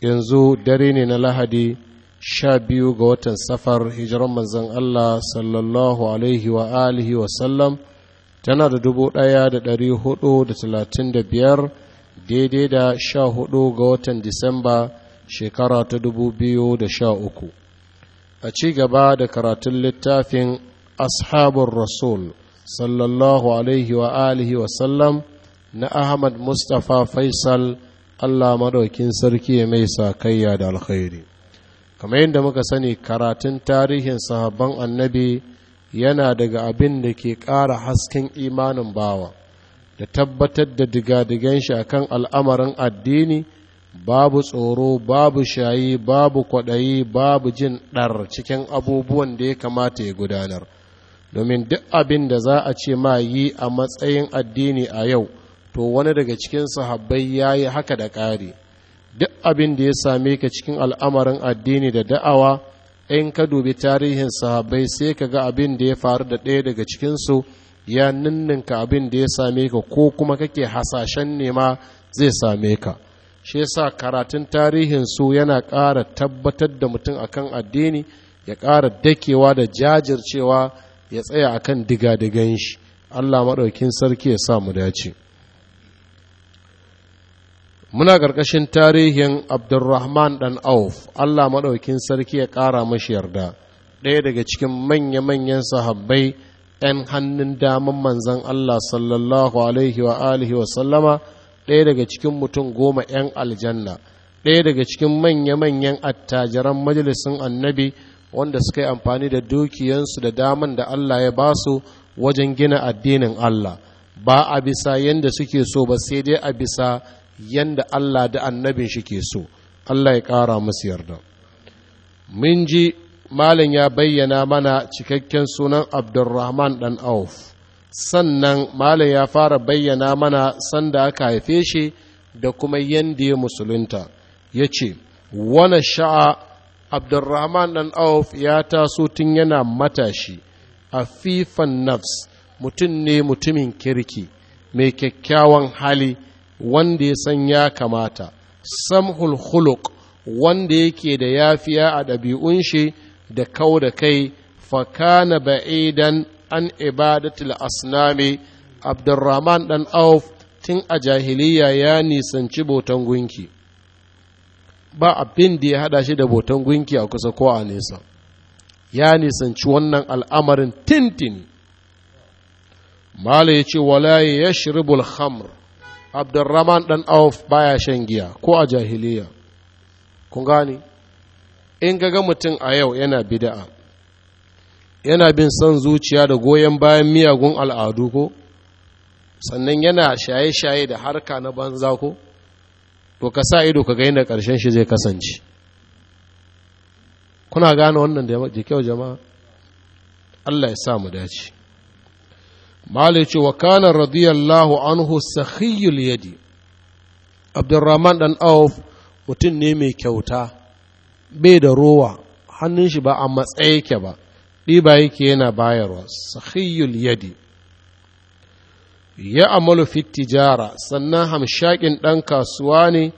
yanzu dare ne na lahadi sha biyu ga watan safar hijiran manzan Allah sallallahu alaihi wa alihi wa sallam tana da dubu ɗaya da ɗari hudu da talatin da biyar daidai da sha hudu ga watan disamba shekara ta dubu biyu da sha uku a ci gaba da karatun littafin ashabun rasul sallallahu alaihi wa alihi wa sallam na ahmad mustapha faisal Allah madaukin sarki ya mai sakayya da alkhairi kamar yadda muka sani karatun tarihin sahabban annabi yana daga abin da ke ƙara hasken imanin bawa da tabbatar da digadigan shi akan al'amarin addini babu tsoro babu shayi babu kwaɗayi babu jin ɗar cikin abubuwan da ya kamata ya gudanar domin duk abin da za a ce ma yi a matsayin addini a yau to wani daga cikin sahabbai ya yi haka da ƙari duk abin da ya same ka cikin al'amarin addini da da'awa in ka dubi tarihin sahabbai sai ka ga abin da ya faru da ɗaya daga cikinsu ya ninninka abin da ya same ka ko kuma kake hasashen nema zai same ka shi yasa karatun tarihin su yana ƙara tabbatar da mutum akan addini ya ƙara dakewa da jajircewa ya tsaya akan diga-digan shi Allah maɗaukin sarki ya sa mu dace. muna ƙarƙashin tarihin Abdulrahman ɗan auf allah maɗaukin sarki ya ƙara mashi yarda ɗaya daga cikin manya-manyan sahabbai 'yan hannun damar manzan allah sallallahu alaihi wa alihi wa sallama ɗaya daga cikin mutum goma 'yan aljanna ɗaya daga cikin manya-manyan attajiran majalisun annabi wanda suka yi amfani da dukiyansu da daman da allah ya basu wajen gina addinin allah ba a bisa yadda suke so ba sai dai a bisa yanda Allah da annabin shi ke so Allah ya ƙara musu yarda mun ji malin ya bayyana mana cikakken sunan abdurrahman dan auf sannan malin ya fara bayyana mana sanda aka haife shi da kuma yanda ya musulunta ya ce wani sha'a abdurrahman dan auf ya taso tun yana matashi a fifan nafs mutum ne mutumin kirki mai kyakkyawan hali wanda ya san ya kamata samhul khuluq wanda yake da yafiya a ɗabi'un shi da kau da kai fakana ba'idan an ibadatul asnami abdurrahman dan auf tun a jahiliya ya nisanci botan gunki ba abin da ya hada shi da botan gunki a kusa ko a nesa ya nisanci wannan al'amarin tintini mala ya ce wala ya khamr abdurrahman dan auf baya shan giya ko a jahiliya kun gane in gaga mutum a yau yana bida'a yana bin son zuciya da goyon bayan miyagun al'adu ko sannan yana shaye-shaye da harka na banza ko to ka sa ido ka ga yadda ƙarshen shi zai kasance kuna gane wannan da kyau jama'a Allah ya sa mu dace malai ce wa kana radiyallahu anhu sakhiyul yadi abdurrahman dan auf mutum ne mai kyauta bai da rowa hannun shi ba a matsayi ke ba ɗiba yake yana bayarwa sahiyul yadi ya amalu fit tijara sannan hamshakin ɗan kasuwa ne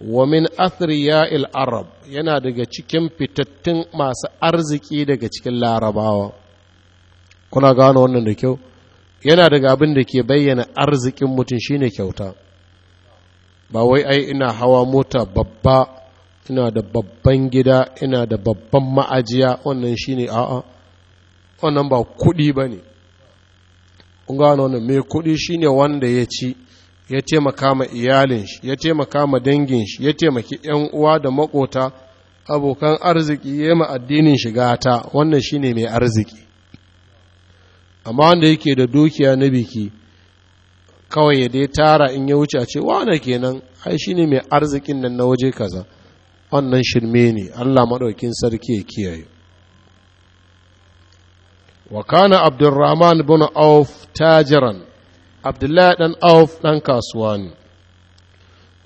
wa min athriya'il arab yana daga cikin fitattun masu arziki daga cikin larabawa kuna gano wannan da kyau yana daga abin da ke bayyana arzikin mutum shine kyauta ba wai ai ina hawa mota babba ina da babban gida ina da babban ma'ajiya wannan shine a'a wannan ba kuɗi ba ne ƙungano wannan mai kuɗi shine wanda ya ci ya taimaka ma iyalin shi ya taimaka ma dangin shi ya taimaki yan uwa da makota abokan arziki ya ma addinin shiga ta wannan shine mai arziki amma wanda yake da dukiya na biki kawai ya dai tara in ya wuce a ce wane kenan ai shine mai arzikin nan na waje kaza wannan shirme ne Allah maɗaukin sarki ya kiyaye wa kana abdurrahman bin auf tajiran abdullahi dan auf dan kasuwa ne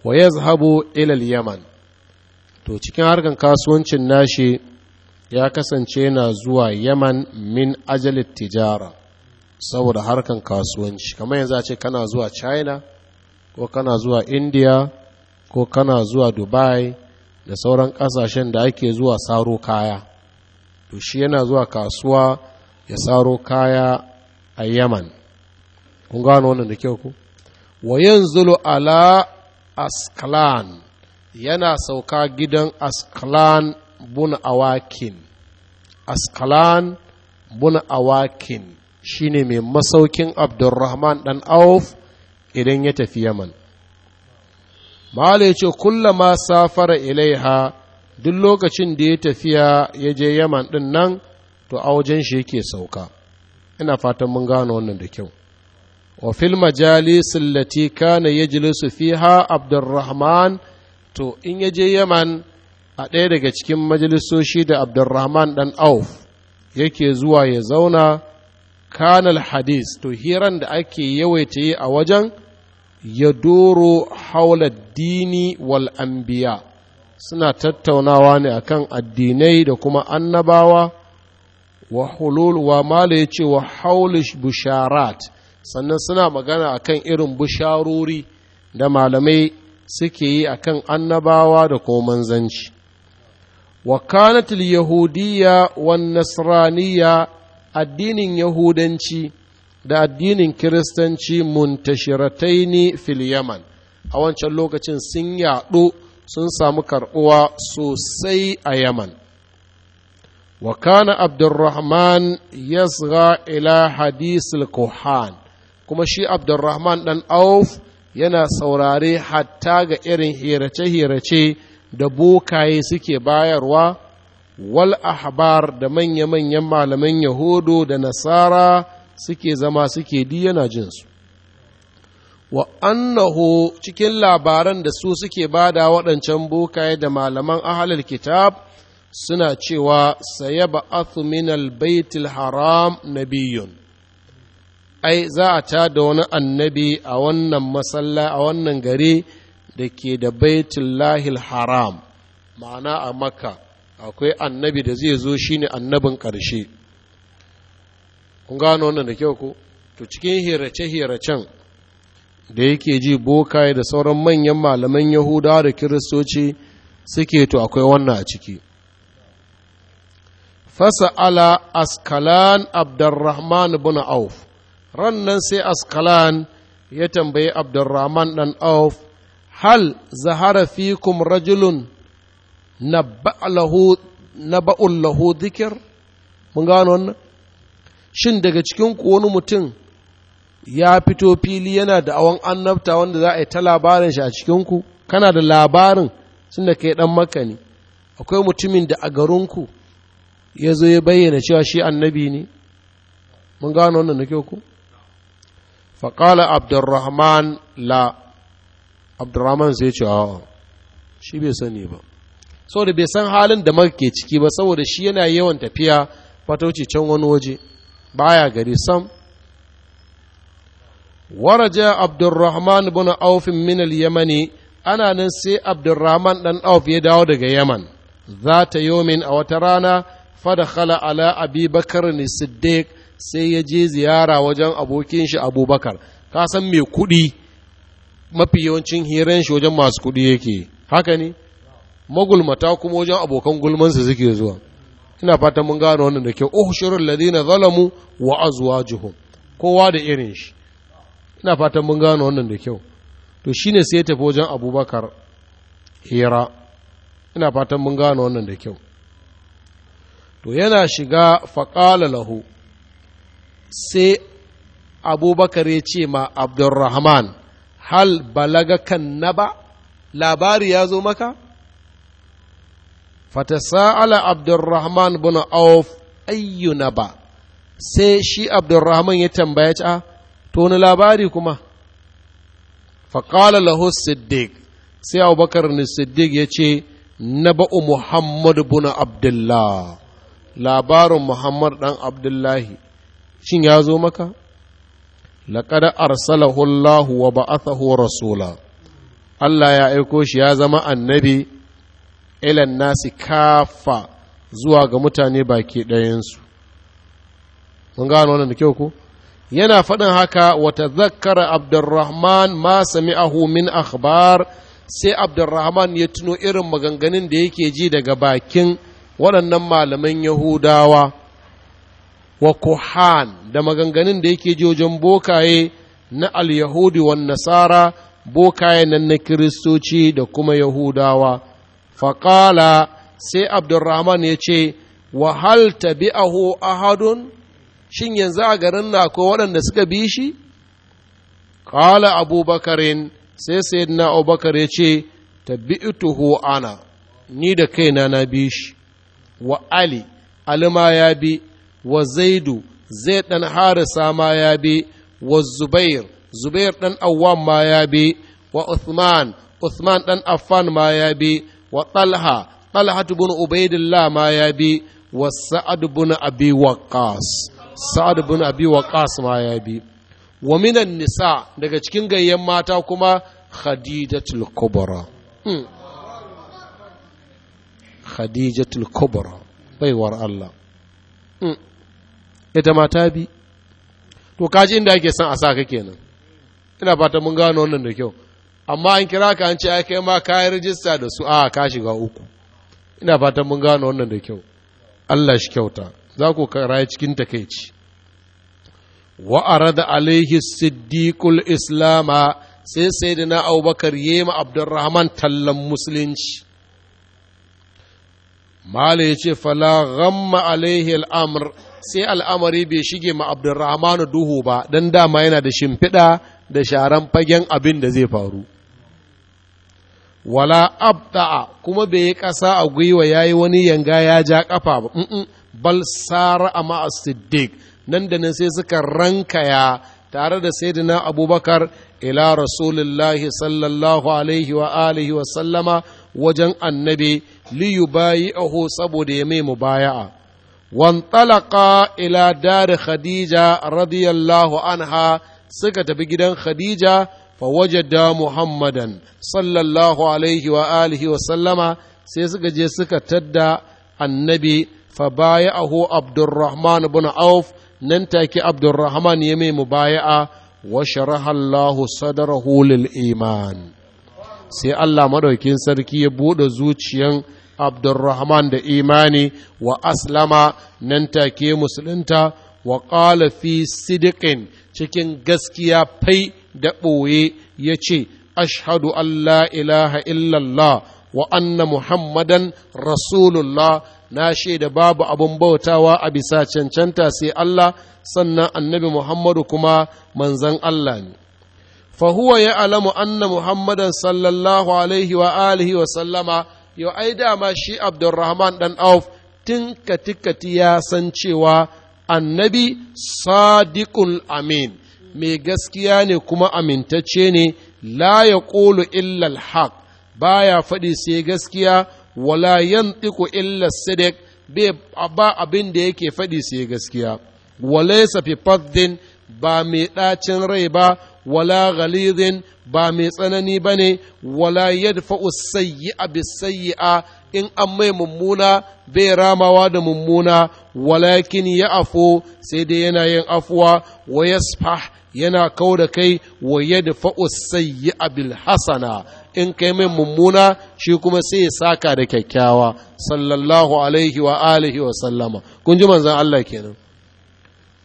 wa yazhabu ilal yaman to cikin harkan kasuwancin nashi ya kasance na zuwa yaman min ajalit tijara saboda harkan kasuwanci kamar yanzu a ce kana zuwa china ko kana zuwa india ko kana zuwa dubai da sauran kasashen da ake zuwa saro kaya to shi yana zuwa kasuwa ya saro kaya a yaman kun gano wannan da kyau ku wa zulu ala asklan yana sauka gidan asklan bun awakin asklan bun awakin Shi ne mai masaukin abdurrahman dan auf idan ya tafi yaman mahala ya ce kullama safara ilaiha duk lokacin da ya tafiya ya je yaman ɗin nan to a wajen shi yake sauka ina fatan mun gano wannan da kyau wa fil majalis allati kana yajlisu fiha abdurrahman to in ya je yaman a ɗaya daga cikin majalisoshi da abdurrahman dan auf yake zuwa ya zauna kanal hadis to hiran da ake yawaita yi a wajen ya doro haula dini wal anbiya suna tattaunawa ne akan addinai da kuma annabawa wa hulul wa mala ya ce wa haulish busharat sannan suna magana akan irin busharori da malamai suke yi akan annabawa da kuma manzanci wa kanatul yahudiyya wan nasraniyya addinin yahudanci da addinin kiristanci muntashirataini fil yaman a wancan lokacin sun yaɗo sun samu karɓuwa sosai a yaman wa kana abdurrahman yasra ila hadisul kohan kuma shi abdurrahman ɗan auf yana saurare hatta ga irin hirace-hirace da bokaye suke bayarwa wal ahbar da manya-manyan malaman yahudu da nasara suke zama suke di yana jinsu wa annahu cikin labaran da su suke bada waɗancan bokaye da malaman ahalar kitab suna cewa saye ba minal baitul haram nabiyun ai za a ta da wani annabi a wannan masalla a wannan gari da ke da baitullahil haram ma'ana a makka akwai annabi da zai zo shine annabin ƙarshe kun gano wannan da kyau ko to cikin hirace-hiracen da yake ji boka da sauran manyan malaman Yahuda da kiristoci suke to akwai wannan a ciki fasa'ala askalan abdurrahman bin auf rannan sai askalan ya tambayi abdurrahman dan auf hal zahara fikum rajulun naba'un lahu zikir mun gano wannan shin daga cikin wani mutum ya fito fili yana da awon annabta wanda za a yi ta labarin shi a cikinku kana da labarin sun da kai dan maka ne akwai mutumin da a garinku ya zo ya bayyana cewa shi annabi ne mun gano wannan na kyau ku faƙala abdurrahman la abdurrahman sai ce shi bai sani ba saboda bai san halin da ke ciki ba saboda shi yana yawan tafiya fatauci can wani waje baya gari sam waraja abdurrahman bin auf min yamani ana nan sai abdurrahman dan auf ya dawo daga yaman za ta yomin a wata rana fadakhala ala abi ni ne siddiq sai ya je ziyara wajen abokin shi abubakar ka san mai kuɗi mafi yawancin hiran shi wajen masu kuɗi yake haka ne magulmata kuma wajen abokan gulmansa suke zuwa ina fatan mun gano wannan da kyau ushurul ladina zalamu wa azwajuhum kowa da irin shi ina fatan mun gano wannan da kyau to shine sai ya tafi wajen abubakar hira ina fatan mun gano wannan da kyau to yana shiga faƙala lahu sai abubakar ya ce ma abdurrahman hal balaga kan naba labari ya zo maka fatasa'ala abdurrahman bin auf ayyuna ba sai shi abdurrahman ya tambaya ta to ni labari kuma faƙala lahu siddiq sai abubakar ni siddiq ya ce na ba'u muhammad bin abdullah labarin muhammad ɗan abdullahi shin ya zo maka laƙada arsalahu allahu wa ba'athahu rasula Allah ya aiko shi ya zama annabi ilan nasi kafa zuwa ga mutane baki ɗayensu mun gano wannan da kyau ko yana faɗin haka wata zakkara abdurrahman ma sami min akhbar sai abdurrahman ya tuno irin maganganun da yake ji daga bakin waɗannan malaman yahudawa wa kuhan da maganganun da yake ji wajen bokaye na al-yahudi wa nasara bokaye nan na kiristoci da kuma yahudawa faƙala sai abdurrahman ya ce wahal tabi'ahu ahadun shin yanzu a garin na akwai waɗanda suka bi shi ƙala abubakarin sai sayyidina abubakar ya ce tabi'tuhu ana ni da kaina na bi shi wa ali alima ya bi wa zaidu zai ɗan harisa ma ya bi wa zubair zubair ɗan awwam ma ya bi wa uthman uthman ɗan affan ma ya bi wa ɗalha talha bin ubaidillah ma ya bi wa sa'adu bin abi waqqas sa'adu bin abi waqqas ma ya bi wa minan nisa daga cikin gayyan mata kuma khadijatul kubra hmm. khadijatul kubra baiwar Allah hmm. ita ma ta bi to kaji inda ake san a sa ka kenan ina fata mun gano wannan da kyau amma an kira ka an ce ake kai ma ka yi rijista da su a ka shiga uku ina fatan mun gano wannan da kyau Allah shi kyauta za ku rayu cikin takeici wa arada alaihi siddiqul islama sai sayyidina abubakar yema abdurrahman tallan musulunci mala ya ce fala ghamma alaihi al'amr sai al'amari bai shige ma abdurrahmanu duhu ba don dama yana da shimfiɗa da sharan fagen abin da zai faru wala abda'a kuma bai yi ƙasa a gwiwa ya yi wani yanga ya ja ƙafa ba bal sara a ma'asiddiq nan da nan sai suka rankaya tare da saidina abubakar ila rasulullahi sallallahu alaihi wa alihi wa sallama wajen annabi liyu bayi aho saboda ya mai mubaya'a wantalaka ila da khadija radiyallahu anha suka tafi gidan khadija fawajada muhammadan sallallahu alaihi wa wa sallama sai suka je suka tadda annabi fa baya'ahu abdurrahman ibn auf nan take Abdulrahman ya mai mubaya'a wa sharaha Allah sadarahu iman sai Allah maɗaukin sarki ya buɗe zuciyan abdurrahman da imani wa aslama nan take musulunta wa ƙalafi fi sidiqin cikin gaskiya fai da ɓoye ya ce ashhadu an la ilaha illallah wa anna muhammadan rasulullah na shaida babu abin bautawa a bisa cancanta sai Allah sannan annabi Muhammadu kuma manzan Allah ne. Fahuwa ya alamu anna Muhammadan sallallahu alaihi wa alihi wa sallama yau ai dama shi Abdulrahman ɗan auf tun katikati ya san cewa annabi sadiqul amin mai gaskiya ne kuma amintacce ne la ya ƙolo illal haq ya faɗi sai gaskiya wala yan yantiku illal sadiq ba abin da yake faɗi sai gaskiya walaysa fi faddin ba mai ɗacin rai ba wala ghalidin ba mai tsanani ba ne wala yadfa'u sayyi'a bisayyi'a in an mai mummuna bai ramawa da mummuna walakin ya afo sai dai yana yin afuwa wa yasfah yana kau da kai wa yadda yi abil hasana in kai mai mummuna shi kuma sai ya saka da kyakkyawa sallallahu alaihi wa alihi wa sallama kun ji manzan Allah kenan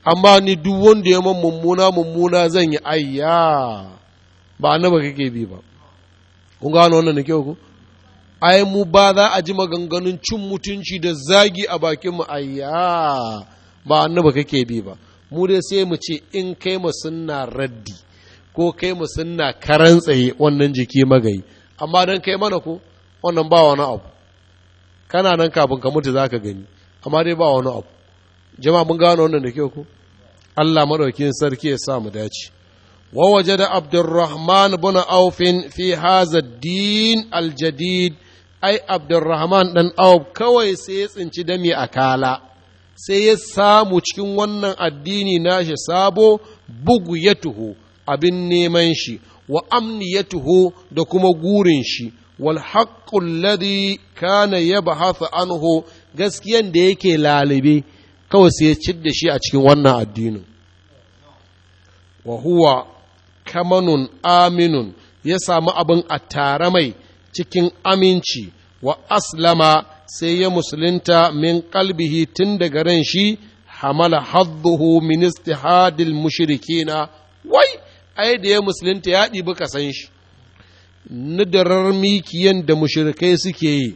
amma ni duk wanda ya man mummuna mummuna zan yi ayya ba annaba kake bi ba kun gano wannan da kyau ku ai mu ba za a ji maganganun cin mutunci da zagi a bakin mu ayya ba annaba kake bi ba mu dai sai mu ce in kai mu sunna raddi ko kai mu sunna karan tsaye wannan jiki magayi amma don kai mana ko wannan ba wani abu kana nan kafin ka mutu zaka gani amma dai ba wani abu jama'a mun gano wannan da kyau ko Allah madaukin sarki ya sa mu dace ووجد عبد الرحمن بن أوف في هذا الدين الجديد أي عبد الرحمن بن أوف كويس إنش a أكالا sai ya samu cikin wannan addini nashi sabo bugu ya tuhu abin neman shi wa amni ya tuhu da kuma gurin shi wal haƙƙun ladi kana yabhathu anhu gaskiyan da yake lalibe kawai sai ya cid da shi a cikin wannan addinin wa huwa kamanun aminun ya samu abin a tare mai cikin aminci wa aslama sai ya musulunta min kalbihi tun daga ran shi hamala hadduhu min istihadil mushrikina wai ai da ya musulunta ya ɗibi ka san shi nidarar mikiyan da mushrikai suke yi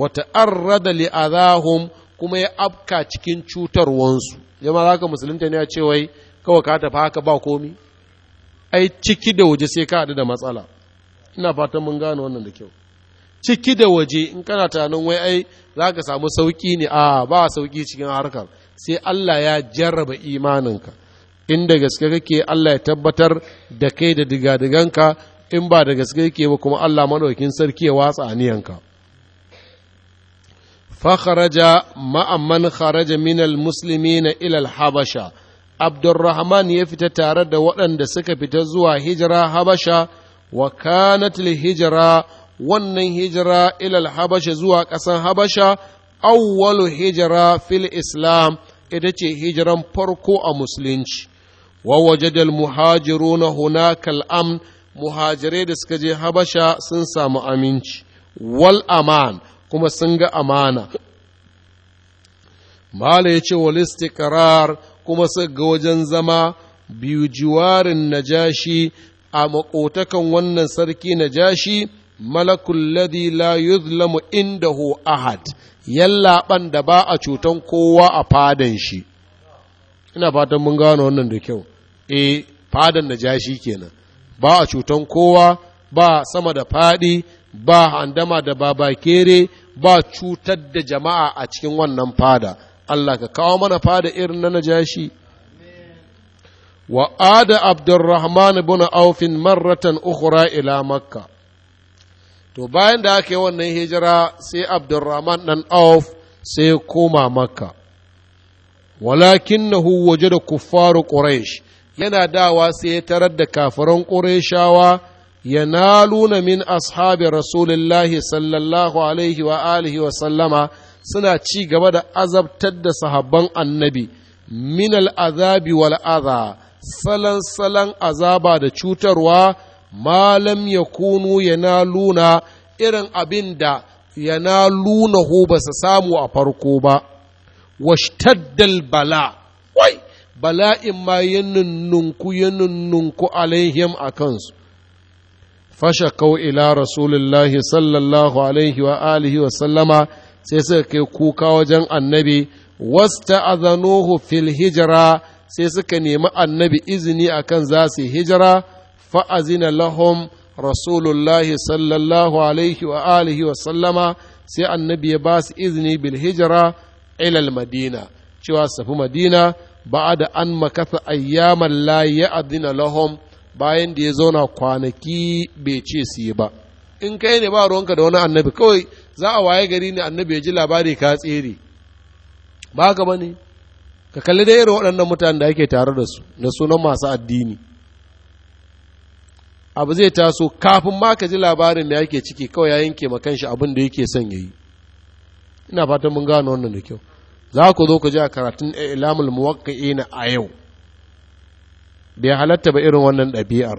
wa ta'arrada li adahum kuma ya afka cikin cutarwansu jama'a zaka musulunta ne ya ce wai kawai ka tafi haka ba komi ai ciki da waje sai ka hadu da matsala ina fatan mun gane wannan da kyau ciki da waje in kana tunanin wai ai za ka samu sauƙi ne a ba sauƙi cikin harkar sai Allah ya jarraba imaninka inda gaske kake Allah ya tabbatar da kai da digadiganka in ba da gaske kake ba kuma Allah madaukin sarki ya watsa aniyanka kharaja ma'amman kharaja min almuslimina ila habasha Abdurrahman ya fita tare da waɗanda suka fita zuwa hijira Habasha wa kanat hijira wannan hijira ilal habasha zuwa ƙasan habasha awwalu hijira fil islam ita ce hijiran farko a musulunci wa da muhajiru na hunakal am muhajirai da suka je habasha sun samu aminci wal aman kuma sun ga amana mala ya ce wal kuma suka ga wajen zama biyu jiwarin najashi a makotakan wannan sarki najashi malakul ladhi la yuzlamu indahu ahad yallaban da ba a cutan kowa a fadan shi ina fatan mun gano wannan da kyau eh fadan da jashi kenan ba a cutan kowa ba sama da fadi ba handama da babakere ba cutar da jama'a a cikin wannan fada Allah ka kawo mana fada irin na najashi wa ada abdurrahman ibn aufin marratan ukhra ila makkah to bayan da aka yi wannan hijira sai abdurrahman ɗan auf sai koma maka walakin na waje da kuffaru quraish yana dawa sai ya tarar da kafiran qurayshawa luna min ashabi rasulillahi sallallahu alaihi wa alihi wa sallama suna ci gaba da azabtar da sahabban annabi min al'azabi wal adha salan salan azaba da cutarwa malam ya kunu yana luna irin abin da yana luna hu ba su samu a farko ba washtaddal bala wai bala'in ma ya nunnunku ya nunnunku alaihim a kansu fashakau ila rasulullahi sallallahu alaihi wa alihi wa sallama sai suka kai kuka wajen annabi wasta azanuhu fil hijira sai suka nemi annabi izini akan za su hijira fa'azina lahum rasulullahi sallallahu alaihi wa wa sallama sai annabi ya basu su izini bil hijira ilal madina cewa su madina ba da an makasa ayyaman la ya adina lahom bayan da ya zauna kwanaki bai ce su yi ba in kai ne ba ruwanka da wani annabi kawai za a waye gari ne annabi ya ji labari ka tsere ba ka bane ka kalli da irin waɗannan mutanen da ake tare da su na sunan masu addini abu zai taso kafin ma ka ji labarin me yake ciki kawai ya yanke ma kanshi abin da yake son yayi ina fatan mun gano wannan da kyau za ku zo ku ji a karatun ilamul na a yau bai halatta ba irin wannan ɗabi'ar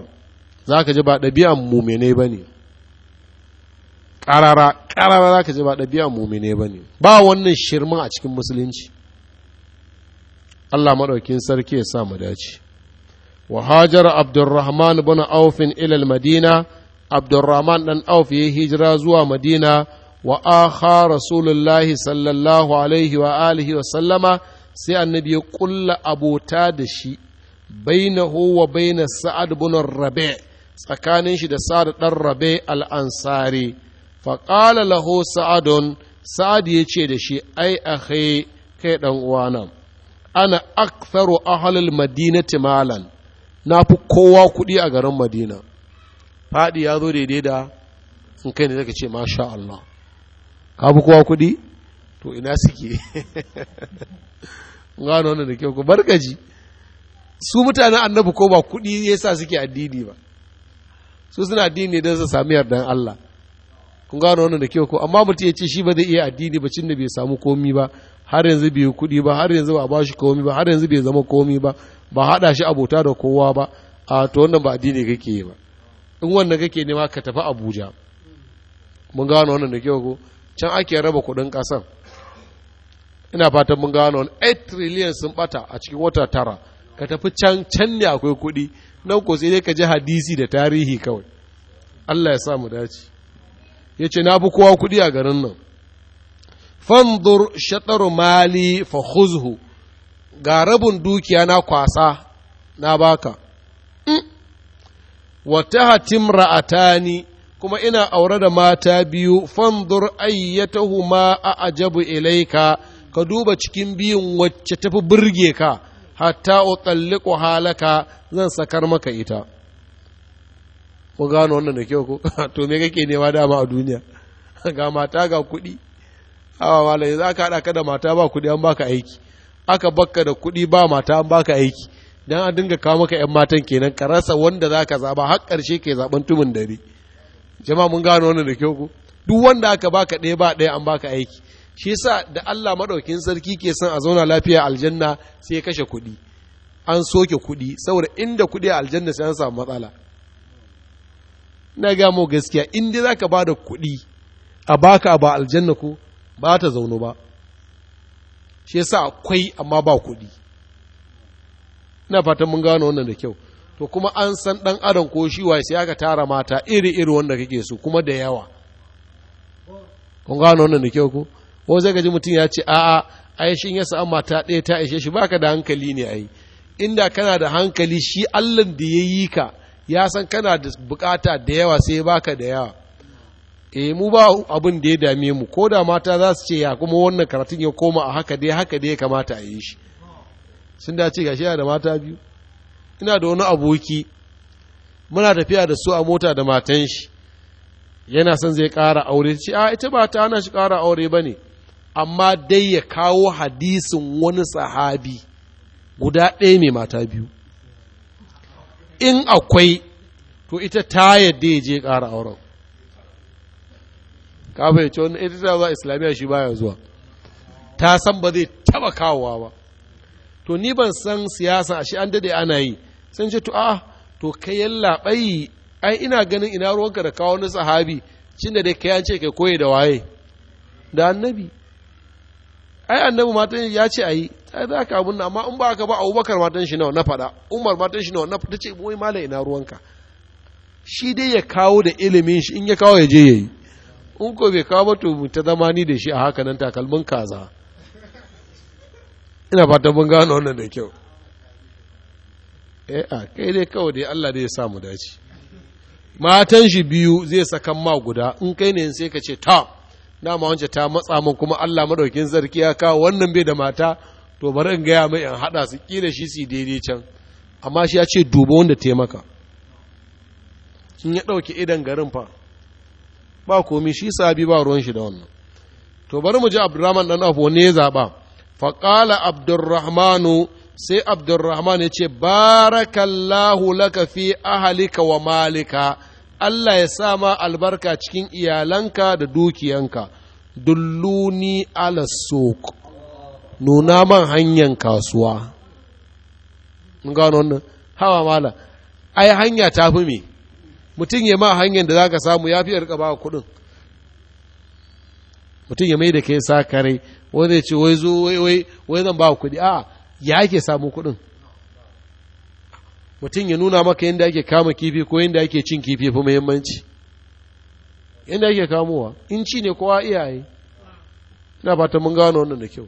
za ka ji ba ɗabi'ar mumine ba ne ƙarara ƙarara za ka ji ba ɗabi'ar mumine ba ne ba wannan shirman a cikin musulunci Allah maɗaukin sarki ya sa mu dace wa Abdulrahman abdurrahman bin aufin ilal madina Abdulrahman ɗan auf ya hijira zuwa madina wa akha sallallahu alaihi wa wa sallama sai annabi ya kulla abota da shi bainahu wa baina sa'ad bin rabi' tsakanin shi da sa'ad dan rabi' al-ansari fa qala lahu sa'ad ya ce da shi ai akhi kai dan uwana ana aktharu ahlul madinati malan na fi kowa kuɗi a garin madina faɗi ya zo daidai da in kai ne zaka ce masha Allah ka fi kowa kuɗi to ina suke gano wannan da kyau ku barkaji su mutanen annabi ko ba kuɗi yasa suke addini ba su suna addini don su sami yardan Allah kun gano wannan da kyau ku amma mutum ya ce shi ba zai iya addini ba cinda bai samu komi ba har yanzu bai kuɗi ba har yanzu ba ba shi komi ba har yanzu bai zama komi ba ba haɗa shi abota da kowa ba a to wannan ba addini kake yi ba in wannan kake nema ka tafi abuja mun gano wannan da kyau ko can ake raba kuɗin ƙasan ina fatan mun gano wani 8 trillion sun bata a cikin wata tara ka tafi can can ne akwai kuɗi nan ko sai dai ka ji hadisi da tarihi kawai Allah ya sa mu dace ya ce na fi kowa kuɗi a garin nan fanzur shatar mali fa khuzhu ga rabin dukiya na kwasa na baka mm. wata hatim ra'atani kuma ina aure da mata biyu fandur ayyatahuma a ajabu ilaika ka duba cikin biyun wacce tafi birge ka hatta utsalliku halaka zan sakar maka ita ku gano wannan da kyau ko to me kake nema dama a duniya ga mata ga kuɗi awa malai za ka haɗa ka da mata ba kuɗi an baka aiki aka baka da kuɗi ba mata an baka aiki dan a dinga kawo maka yan matan kenan ka rasa wanda zaka zaba har karshe ke zaben tumin dare jama'a mun gano wannan da kyau ko duk wanda aka baka ɗaya ba ɗaya an baka aiki shi yasa da Allah maɗaukin sarki ke son a zauna lafiya aljanna sai ya kashe kuɗi an soke kuɗi saboda inda kuɗi a aljanna sai an samu matsala na ga mu gaskiya za ka zaka bada kuɗi a baka ba aljanna ko ba ta zauno ba shi yasa akwai amma ba kuɗi ina fatan mun gano wannan da kyau to kuma an san ɗan adam ko shi wa sai aka tara mata iri iri wanda kake so kuma da yawa kun gano wannan da kyau ko ko zai gaji mutum ya ce a'a ai shin ya samu mata ɗaya ta ishe shi baka da hankali ne ai inda kana da hankali shi Allah da ya yi ka ya san kana da bukata da yawa sai baka da yawa e mu ba abin da ya dame mu ko da mata za su ce ya kuma wannan karatun ya koma a haka dai haka dai ya kamata a yi shi sun dace gashi yana da mata biyu ina da wani aboki muna tafiya da su a mota da matan shi yana son zai ƙara aure ce a ah, ita ba ta ana shi ƙara aure ba ne amma dai ya kawo hadisin wani sahabi guda ɗaya mai mata biyu in akwai to ita ta yadda ya je kara auren ya ce wani ita ta zuwa islamiyya shi baya zuwa ta san ba zai taba kawowa ba to ni ban san siyasa shi an dade ana yi sun ce to a ah, to kai yi labai ai ina ganin ina ruwanka da kawo wani sahabi cin da dai kai an ce koye koyi da waye da annabi ai annabi matan ya ce ayi yi za ka abun amma in ba ka ba abubakar matan shi nawa na faɗa umar matan shi nawa na faɗa ce wai malam ina ruwanka shi dai ya kawo da ilimin shi in ya kawo ya je yi in ko bai kawo to ta zama ni da shi a haka nan takalmin kaza ina fatan mun gano wannan da kyau eh a kai dai kawai dai Allah dai ya sa mu dace matan shi biyu zai sakan ma guda in kai ne sai ka ce ta ma wance ta matsa min kuma Allah madaukin sarki ya kawo wannan bai da mata to bari in gaya mai in haɗa su kira da shi su daidai can amma shi ya ce duba wanda taimaka in ya ɗauki idan garin fa ba komi shi sabi ba ruwan shi da wannan to bari mu ji abdurrahman dan afu ne fa faƙala abdurrahmanu sai abdurrahman ya ce barakallahu laka fi ahalika wa malika Allah ya sama albarka cikin iyalanka da dukiyanka dulluni ala suq nuna man hanyar kasuwa mun gano wannan hawa mala ai hanya ta fi me mutum ya ma hanyar da za ka samu ya fi yarka ba kuɗin mutum ya mai da kai sa kare wanda ya ce wai zo wai zan ba kuɗi a ya ke samu kuɗin mutum ya nuna maka yadda ake kama kifi ko yadda ake cin kifi fi muhimmanci yadda ake kamowa in ci ne kowa iyaye ina fata mun gano wannan da kyau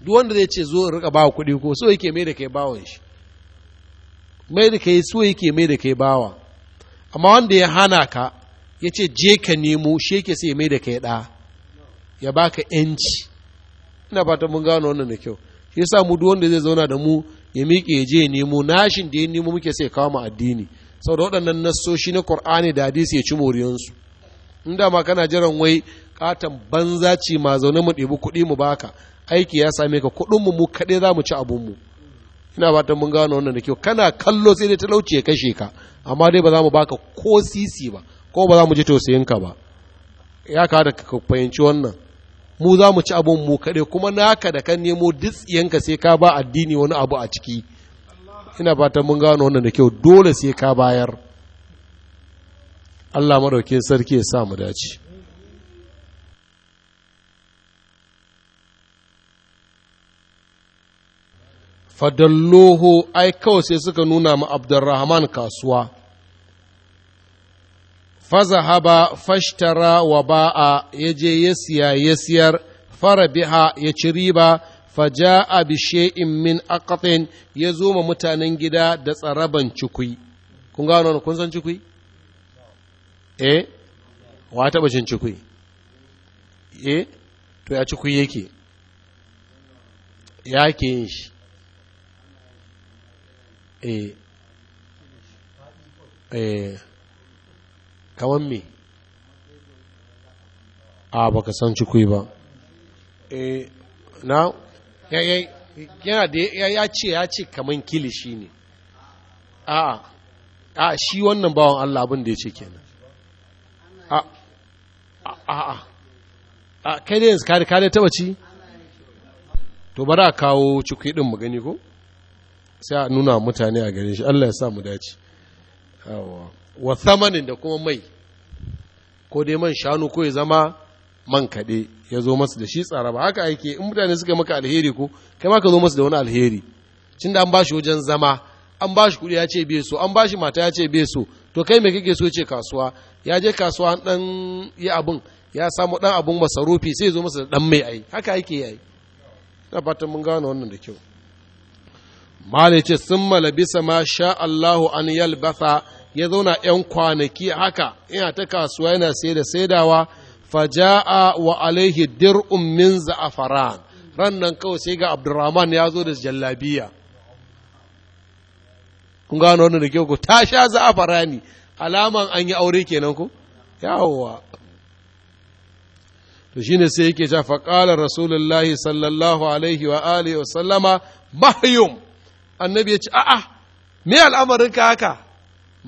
duk wanda zai ce zo in rika bawa kuɗi ko so yake mai da kai bawan shi mai da kai so yake mai da kai bawa amma wanda ya hana ka ya ce je ka nemo shi yake sai ya mai da kai ɗa ya baka yanci ina fata mun gano wannan da kyau shi yasa mu duk wanda zai zauna da mu ya miƙe ya je ya nemo nashin da ya nemo muke sai kawo mu addini saboda waɗannan nassoshi na Qur'ani da hadisi ya ci moriyansu in da ma kana jiran wai katan banza ce ma zaune mu ɗebi kuɗi mu baka aiki ya same ka kuɗin mu mu kaɗai za mu ci abun mu ina fatan mun gano wannan da kyau kana kallo sai dai talauci ya kashe ka amma dai ba za mu baka ko sisi ba ko ba za mu ji tausayin ka ba ya ka da ka fahimci wannan mu za mu ci abun mu kaɗai kuma naka da kan nemo ka sai ka ba addini wani abu a ciki ina fatan mun gano wannan da kyau dole sai ka bayar Allah madaukin sarki ya sa mu dace fadalloho ai kawai sai suka nuna ma abdurrahman kasuwa fazahaba fashtara wa ba'a ya je ya siya ya siyar fara biha ya ci riba faja'a bi in min aqatin ya zo ma mutanen gida da tsaraban cikui kun gano kun san cikui eh wa taɓa cin cikui eh to ya cikui yake ya ke yin shi eh eh kawan me a baka san kuwa ba eh, na yana da ya ce ya ce kili kilishi ne a shi wannan bawan Allah abin da ya ce kenan a a a kai da yanzu kare taba ci to bari a kawo cikui din mu gani ko sai a nuna mutane a gare shi Allah ya sa mu dace wa thamanin da kuma mai ko dai man shanu ko ya zama man kaɗe ya zo masu da shi tsara ba haka aike in mutane suka maka alheri ko kai ma ka zo masu da wani alheri cin da an bashi wajen zama an bashi kuɗi ya ce bai so an bashi mata ya ce bai so to kai me kake so ce kasuwa ya je kasuwa an dan yi abun ya samu dan abun masarufi sai ya zo masa da dan mai ai haka yake yi na fatan mun gano wannan da kyau mala ce sun malabisa ma sha Allahu an yalbatha ya zauna ‘yan kwanaki haka ina ta kasuwa yana sai da saidawa faja'a wa alaihi dir'un min za'afaran ran nan kawai sai ga abdurrahman ya zo da jallabiya kun gano wani da ke ku ta sha za'afarani alaman an yi aure kenan ku yawwa to ne sai yake cewa faqala rasulullahi sallallahu alaihi wa alihi wa sallama mahyum annabi ya ce a'a me al'amarin ka haka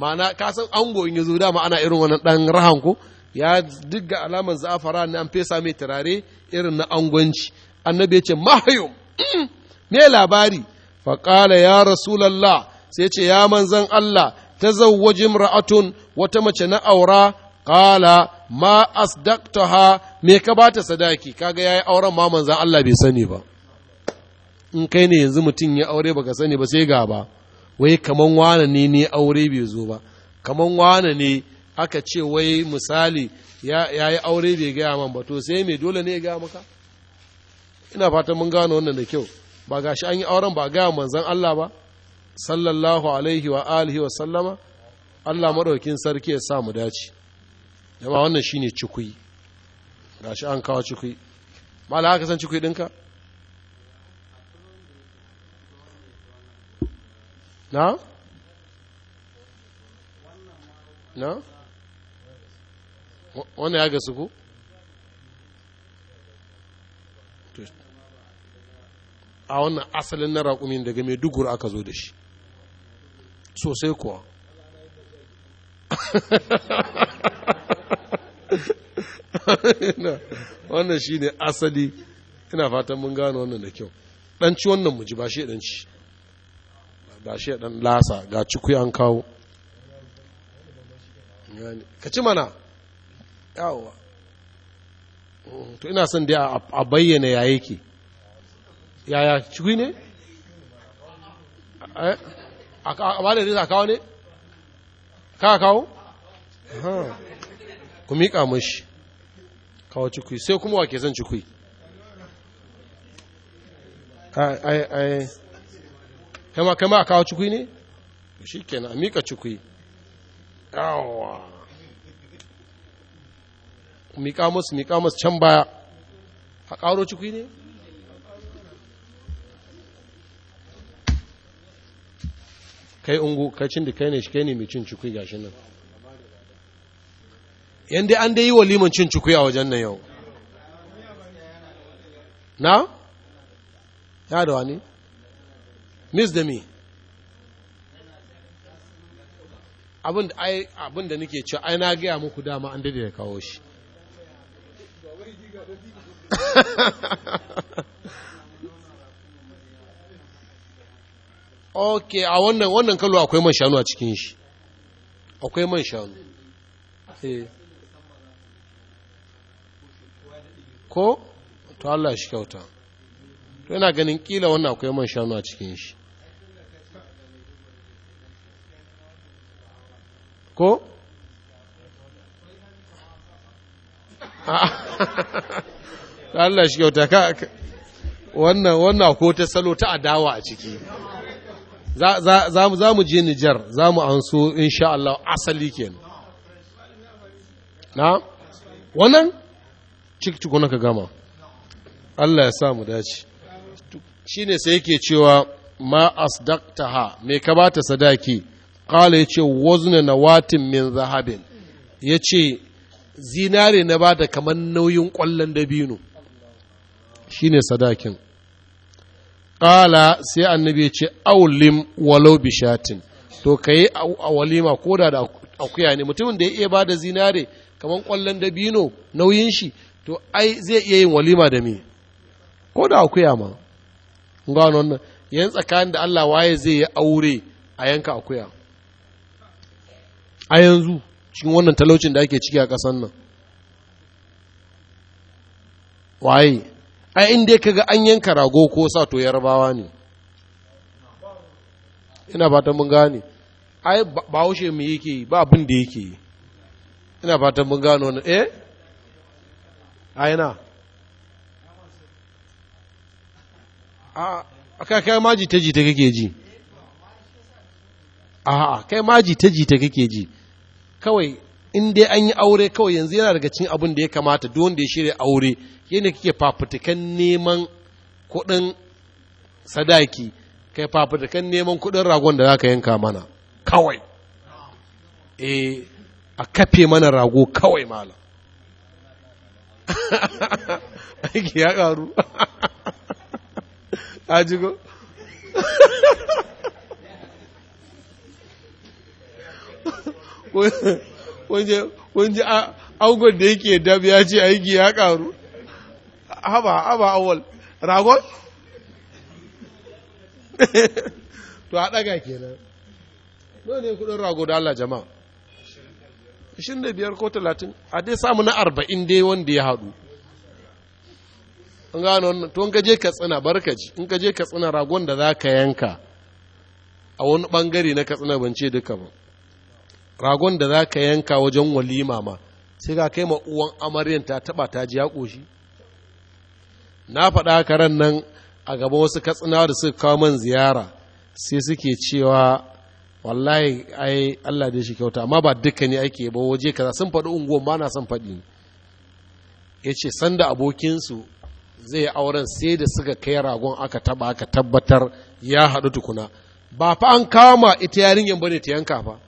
ma'ana ka san ango in yazo dama ana irin wannan dan rahan ko ya digga alaman za'afara ne an fesa mai turare irin na angwanci annabi ya ce mahayum mm, me labari faƙala ya rasulullah sai ce ya manzan Allah ta imra'atun ra'atun wata mace na aura ƙala ma asdaqtaha me ka bata sadaki kaga yayi auren ma manzan Allah bai sani ba in kai ne yanzu mutum ya aure baka sani ba sai ga ba wai kaman wane ne ne aure bai zo ba kaman wane ne aka ce wai misali ya yi aure bai gaya man ba to sai mai dole ne ya gaya maka ina fatan mun gano wannan da kyau ba ga shi an yi auren ba gaya manzan Allah ba sallallahu alaihi wa alihi wa sallama Allah maɗaukin sarki ya sa mu dace jama'a wannan shine cikui gashi an kawo cikui mala haka san cikui ɗinka na na wannan ya gasu ku a wannan asalin na raƙumin daga mai dugur aka zo da shi sosai kuwa wannan shi ne asali ina fatan mun gano wannan da kyau ɗanci wannan mu ji ba shi ɗanci ga shi ɗan lasa ga cikuyi an kawo ka ci mana yawa mm, to ina son dai a bayyana ya yake yaya cikuyi ne eh? a ba da a kawo ne ka kawo ku miƙa mashi kawo cikuyi sai kuma wa ke son cikuyi ai ai ai kai ma kai ma a kawo cikui ne shi kenan a miƙa cikui yawa miƙa musu miƙa musu can baya a kawo cikui ne kai ungu kai cin da kai ne shi kai ne mai cin cikui gashi nan yadda an dai yi waliman cin cikui a wajen nan yau na? ya da wani? mis da me abin da nake cewa ai na gaya muku dama an daidai da kawo shi ok a wannan wannan kalo akwai man shanu a cikin shi akwai man shanu eh. ko to Allah shi kyauta to yana ganin kila wannan akwai man shanu a cikin shi ko ah. Allah shi kyauta ka wannan wannan ko ta salo ta adawa a ciki za mu je Nijar za mu an so insha Allah asali kenan na wannan cik tukuna ka gama Allah ya sa mu dace shine sai yake cewa ma asdaqtaha me ka ta sadaki Kala ya ce wazna na watin min zahabin ya ce zinare na ba da kamar nauyin ƙwallon dabino shi ne sadakin kala sai annabi ya ce aulim walau bishatin to ka yi a walima ko da da akuya ne mutumin da ya iya ba da zinare kamar ƙwallon dabino nauyin shi to ai zai iya yin walima da me ko da akuya ma gano wannan yan tsakanin da Allah waye zai yi aure a yanka akuya a yanzu cikin wannan talaucin da ake ciki a ƙasan nan waye a inda ya kaga an yanka rago ko sa to yarbawa ne ina fatan mun gane ai ba haushe mu yake yi ba abin da yake yi ina fatan mun gano wani eh a yana a maji ma jita-jita kake ji Aa kai ma jita jita kake ji kawai in dai an yi aure kawai yanzu yana daga cikin abin da ya kamata duk wanda ya shirya aure yana kike fafutukan neman kuɗin sadaki kai fafutukan neman kuɗin ragon da za ka yanka mana kawai e a kafe mana rago kawai malam aiki ya ajigo kunji augon da yake dab ya ce aiki ya karu haba haba awal ragon to a ɗaga kenan nawa ne kudin rago da Allah jama'a 25 ko 30 a dai samu na 40 dai wanda ya haɗu an gano wannan to in ka je ka tsina barkaci in ka je ka tsina ragon da za ka yanka a wani ɓangare na ka tsina bance duka ba ragon da za ka yanka wajen walima ma sai ka kai ma uwan amaryan ta taba ta ji ya ƙoshi na faɗa karen nan a gaban wasu katsina da suka kawo man ziyara sai suke cewa wallahi ai Allah da shi kyauta amma ba duka ne ake ba waje kaza sun faɗi unguwan ba na son faɗi ya ce sanda abokinsu zai auren sai da suka kai ragon aka taba aka tabbatar ya haɗu tukuna ba fa an kama ita yarinyar ne ta yanka fa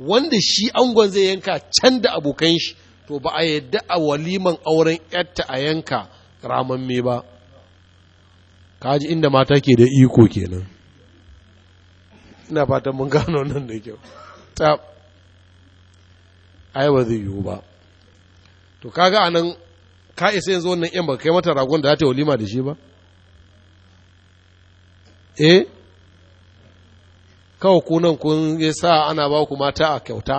wanda shi angon zai yanka can da abokan shi to ba a yadda a waliman auren yatta a yanka ramamme ba kaji inda mata ke da iko kenan ina fatan mun gano nan da kyau ta ai ba zai yiwu ba to kaga anan ka isa yanzu wannan yan ba kai mata ragon da za ta yi walima da shi ba eh kawai kunan kun yi sa ana ba ku mata a kyauta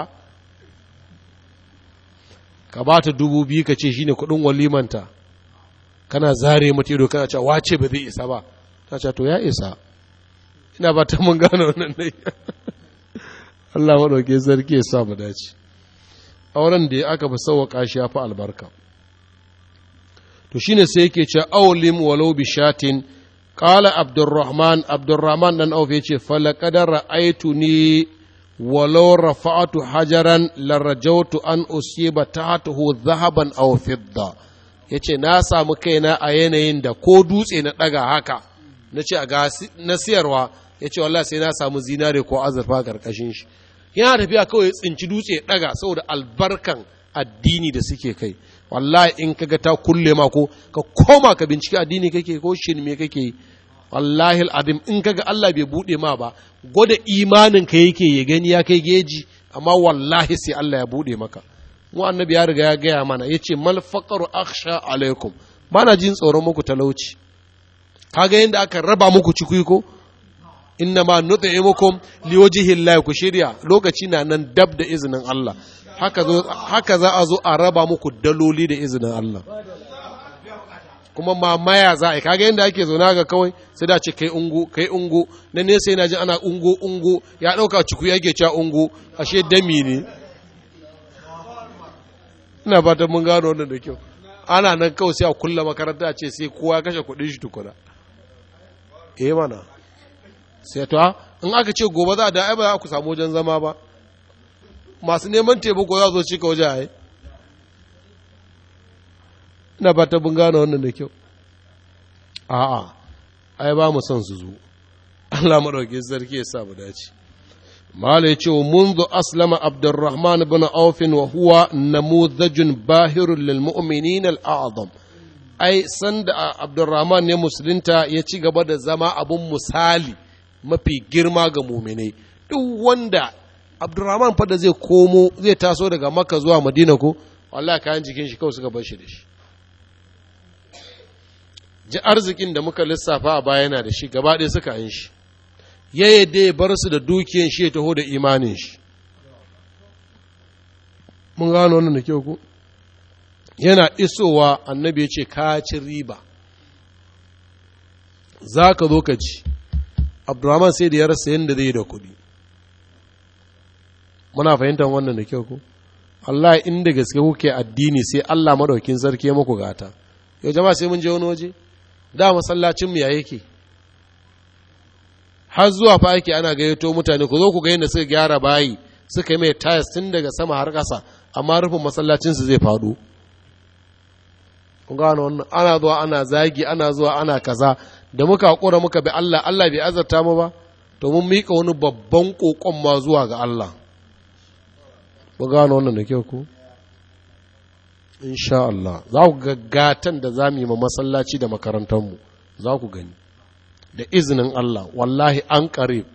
ka ba ta dubu biyu ka ce shine kudin walimanta kana zare mata ido kana cewa wace ba zai isa ba ta ce to ya isa ina ba ta mun gano wannan ne Allah maɗauke sarki ya sa mu dace auren da aka fi sauwaƙa shi ya fi albarka to shine sai yake cewa awlim walau bi shatin Kala Abdurrahman, Abdurrahman ɗan Auf ya ce, Falakadar ra'aitu ni walau rafa'atu hajaran larajautu an usiba tahtahu zahaban aw fidda yace na samu kaina a yanayin da ko dutse na ɗaga haka a na siyarwa yace walla sai na samu zinare ko azurfa karkashin shi yana tafiya kawai tsinci dutse ɗaga saboda albarkan addini da suke kai wallahi in kaga ta kulle ma ko ka koma ka bincike addini kake ko shin me kake wallahi al'adim in kaga Allah bai bude ma ba gwada imanin ka yake ya gani ya kai geji amma wallahi sai Allah ya bude maka mu annabi ya riga ya gaya mana yace mal faqaru akhsha alaikum bana jin tsoron muku talauci kaga yanda aka raba muku cikuyi ko inna ma nutaimukum liwajhi llahi ku shirya lokaci na nan dab da izinin Allah haka za a zo a raba muku daloli da izinin Allah kuma mamaya za a yi kaga yadda ake zauna ga kawai sai da ce kai ungo kai ungo na nesa yana ji ana ungo ungo ya ɗauka ciku yake cewa ungo ashe dami ne ina fata mun gano wannan da kyau ana nan kawai sai a kulla makaranta ce sai kowa kashe kuɗin shi tukuna eh mana sai to ah, in aka ce gobe za a da ai ba za ku samu wajen zama ba masu neman taimako za su ci waje a ai ina ba ta gane wannan da kyau a'a ai ba mu son su zo Allah madauke sarki ya sa mu dace mala ya ce wa aslama abdurrahman bin ofin wa huwa namudajun bahirun lil mu'minin al a'zam ai sanda abdurrahman ne musulunta ya ci gaba da zama abun misali mafi girma ga muminai duk wanda abdurrahman fada zai komo zai taso daga maka zuwa madina ko wallah kayan jikin shi kawai suka bar shi da shi ji arzikin da muka lissafa a baya yana da shi gaba ɗaya suka an shi ya yadda ya bar su da dukiyan shi ya taho da imanin shi mun gano wannan da kyau ko yana isowa annabi ya ce ka ci riba za ka zo ka ci abdurrahman sai da ya rasa yadda zai da kuɗi muna fahimtar wannan da kyau ko Allah inda gaske kuke addini sai Allah madaukin sarki muku gata yau jama'a sai mun je wani waje da masallacin mu ya yake har zuwa fa yake ana gayyato mutane ku zo ku ga inda suka gyara bayi suka yi mai tayas tun daga sama har ƙasa amma rufin masallacin su zai faɗo kun gano wannan ana zuwa ana zagi ana zuwa ana kaza da muka hakura muka bi Allah Allah bai azarta mu ba to mun mika wani babban kokon ma zuwa ga Allah ba gano wannan da kyau ku insha Allah za ku gaggatan da za mu yi ma masallaci da makarantarmu za ku gani da izinin Allah wallahi an kare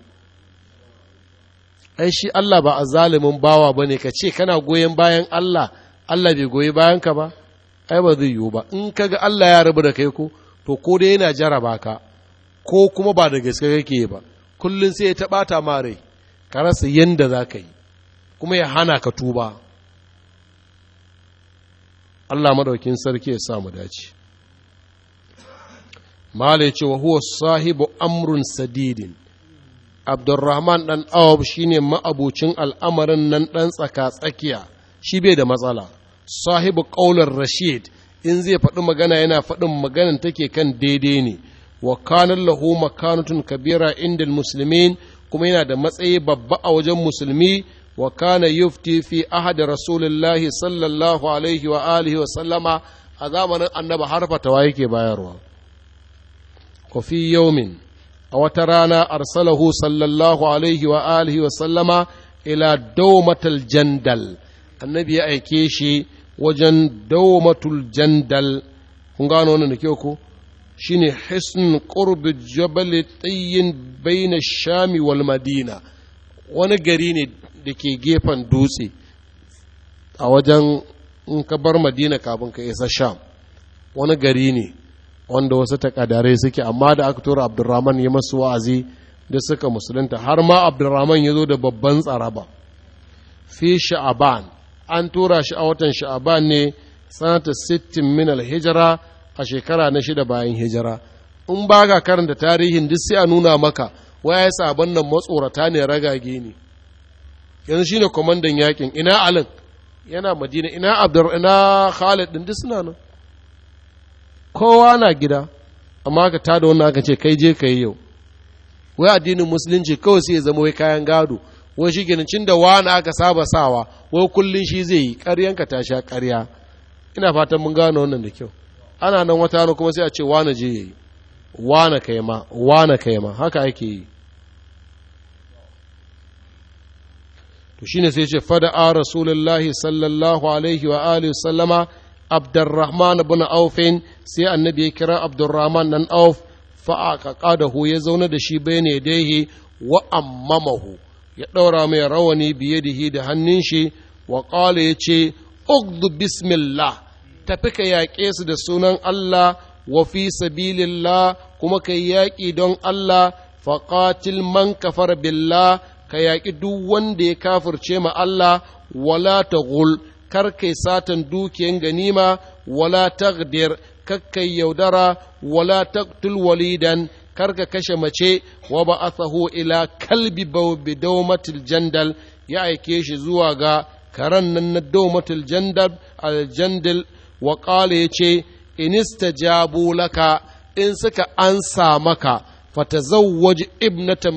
ai shi Allah ba a zalimin bawa ba ne ka ce kana goyon bayan Allah Allah bai goyi bayan ka ba ai ba zai yiwu ba in ka ga Allah ya rabu da kai ko to ko dai yana jaraba ka ko kuma ba da gaske kake ba kullum sai ya taɓata ma rai ka rasa yadda za ka yi kuma ya hana ka tuba Allah madaukin sarki ya sa mu dace mala ya ce wa huwa sahibu amrun sadidin abdurrahman dan awab shine ma'abucin al'amarin nan dan tsaka tsakiya shi bai da matsala sahibu qaular rashid in zai faɗi magana yana faɗin maganan take kan daidai ne wa kana lahu makanatun kabira inda musulmi kuma yana da matsayi babba a wajen musulmi wa kana yufti fi ahad sallallahu alaihi wa wa sallama a zamanin annaba har fatawa yake bayarwa wa fi yawmin a wata rana arsalahu sallallahu alaihi wa wa sallama ila daumatul jandal annabi ya aike shi wajen daumatul jandal kun gano wannan da kyau ko shine hisn qurb jabal tayyin madina wani gari ne da ke gefen dutse a wajen in ka bar madina kafin ka isa sham wani gari ne wanda wasu takadare suke amma da aka tura abdurrahman ya masu wa'azi da suka musulunta har ma abdurrahman ya zo da babban tsaraba fi sha'aban an tura shi a watan sha'aban ne sanata sittin min alhijira a shekara na shida bayan hijira in ba ga karanta tarihin duk sai a nuna maka waya sabon nan matsorata ne ragage ne yanzu shine kwamandan yakin ina alin yana madina ina abdur ina khalid din suna nan kowa na gida amma ka tada wannan aka ce kai je ka yi yau wai addinin musulunci kawai sai ya zama wai kayan gado wai shi gina cin da wani aka saba sawa wai kullun shi zai yi ƙaryanka ta sha karya ina fatan mun gano wannan da kyau ana nan wata kuma sai a ce wani je yi wani kai ma wani kai ma haka ake yi to ne sai ce fada a rasulullahi sallallahu alaihi wa alihi sallama abdurrahman bin aufin sai annabi ya kira abdurrahman nan auf fa aqadahu ya zauna da shi bayne yadayhi wa ammamahu ya daura mai rawani biye da hannun shi wa qala yace ugdu bismillah tafi ka yaƙe su da sunan Allah wa fi sabilillah kuma ka yaƙi don Allah faƙatil man kafar billah ka yaƙi duk wanda ya kafirce ma Allah wala ta gul kar kai satan dukiyan ganima wala tagdir kakkai yaudara wala ta walidan kar ka kashe mace wa ba'athahu ila kalbi bidawmatil jandal ya aike shi zuwa ga karan nan na dawmatil jandal aljandal wa ce yace inistajabu laka in suka ansa maka zauwaji ibnatan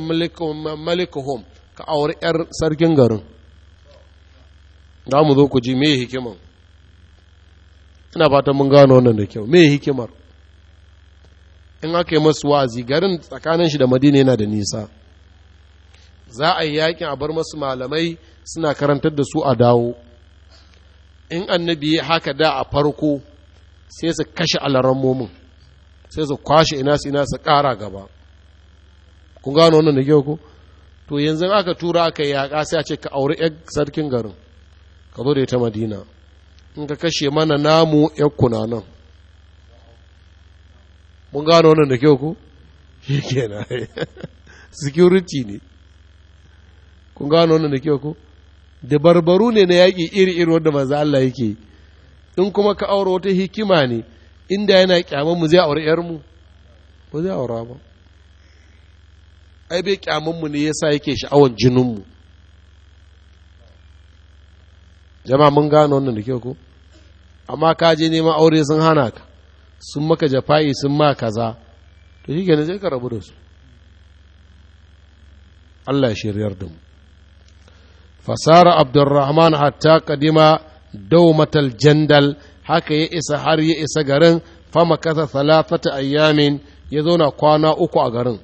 malikuhum ka auri 'yar sarkin garin za mu zo ku ji me hikiman ina fatan mun gano wannan da kyau me hikimar in aka yi masu wazi, garin tsakanin shi da madina yana da nisa za a yi yakin a bar masu malamai suna karantar da su a dawo in annabi ya haka da a farko sai su kashe alarammomin sai su kwashe ina su ina su ƙara gaba Ku gano wannan da kyau ko to yanzu aka tura aka yaƙa sai a ce ka auri 'yan sarkin garin ka zo da ita madina in ka kashe mana namu 'yan kuna nan mun gano wannan da kyau ku shi kenan security ne kun gano wannan da kyau ku da barbaru ne na yaƙi iri-iri wanda manzo Allah yake in kuma ka aure wata hikima ne inda yana kyaman mu zai aure 'yar mu ba zai aura ba ai bai kyamunmu ne yasa yake sha'awan jininmu jama mun gano wannan da kyau ko amma ka je nema aure sun hana ka sun maka jafa'i sun ma kaza to shi ke sai ka rabu da su Allah ya shiryar da mu fasara abdurrahman hatta kadima daumatal jandal haka ya isa har ya isa garin fama kasa salafata ayyamin ya zauna kwana uku a garin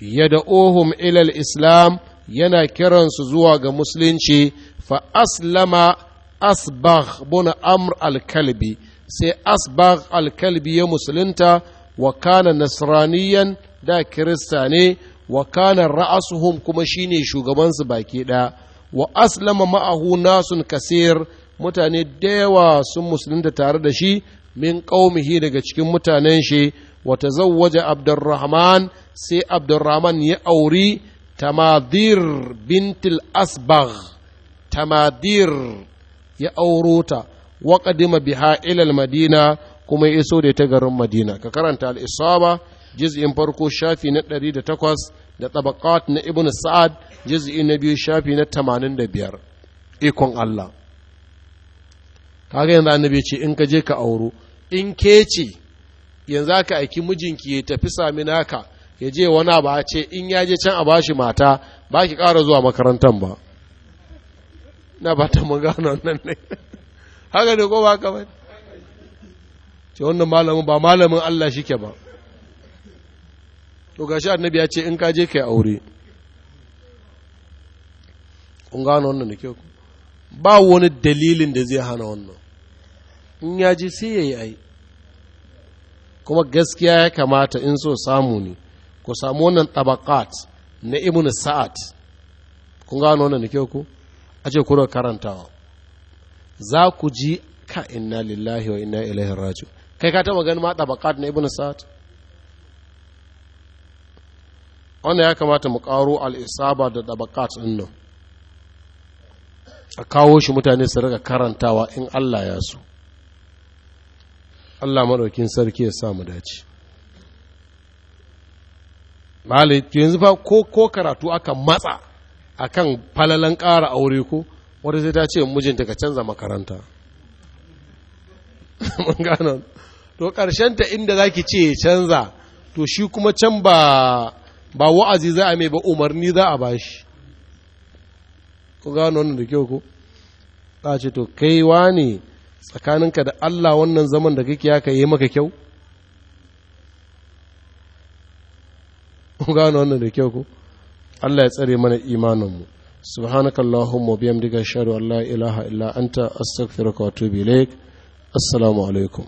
yad'uhum ila al-islam yana kiransu zuwa ga musulunci fa aslama asbagh bun amr al-kalbi sai asbagh al-kalbi ya musulunta wa kana nasraniyan da kirista ne wa kana ra'asuhum kuma shine shugabansu baki ɗaya wa aslama ma'ahu nasun kasir mutane da yawa sun musulunta tare da shi min qaumihi daga cikin mutanen shi wa tazawwaja abdurrahman sai abdurrahman ya auri tamadir bintil asbagh tamadir ya auro ta wa qadima biha ilal madina kuma ya iso da ta garin madina ka karanta al-isaba juz'in farko shafi na 108 da tabaqat na ibn sa'ad juz'i na biyu shafi na 85 ikon Allah kaga yanzu annabi ce in ka je ka auro in ke ce yanzu aka aiki mijinki ya tafi sami naka ya je wani ba ce in yaje can a bashi mata ba ki ƙara zuwa makarantar ba na ba ta magana nan ne haka ne ko ba ka ba ce wannan malamin ba malamin Allah shi ke ba to gashi annabi ya ce in ka je kai aure kun gano wannan da kyau ba wani dalilin da zai hana wannan in ya ji sai ya yi ai kuma gaskiya ya kamata in so samu ne ku samu wannan tabakat na ibn sa'ad kun gano wannan nake ku a ce kuna karantawa za ku ji ka inna lillahi wa inna ilaihi raji kai ka taba ganin ma tabakat na ibn sa'ad wannan ya kamata mu karo al-isaba da tabakat din nan a kawo shi mutane su riga karantawa in Allah ya so Allah madaukin sarki ya sa mu dace malai yanzu fa ko ko karatu aka matsa a kan falalan ƙara aure ko wadda zai ta ce mijinta ka canza makaranta mun gano to ta inda zaki ce canza to shi kuma can ba ba wa'azi za a mai ba umarni za a bashi ku gano wannan da kyau ko za ce to kai ne tsakaninka da Allah wannan zaman da kake ya ka yi maka kyau kun gano wannan da kyau ku Allah ya tsare mana imaninmu subhanakallahumma biyamdika diga an la ilaha illa anta astaghfiruka wa atubu ilaik assalamu alaikum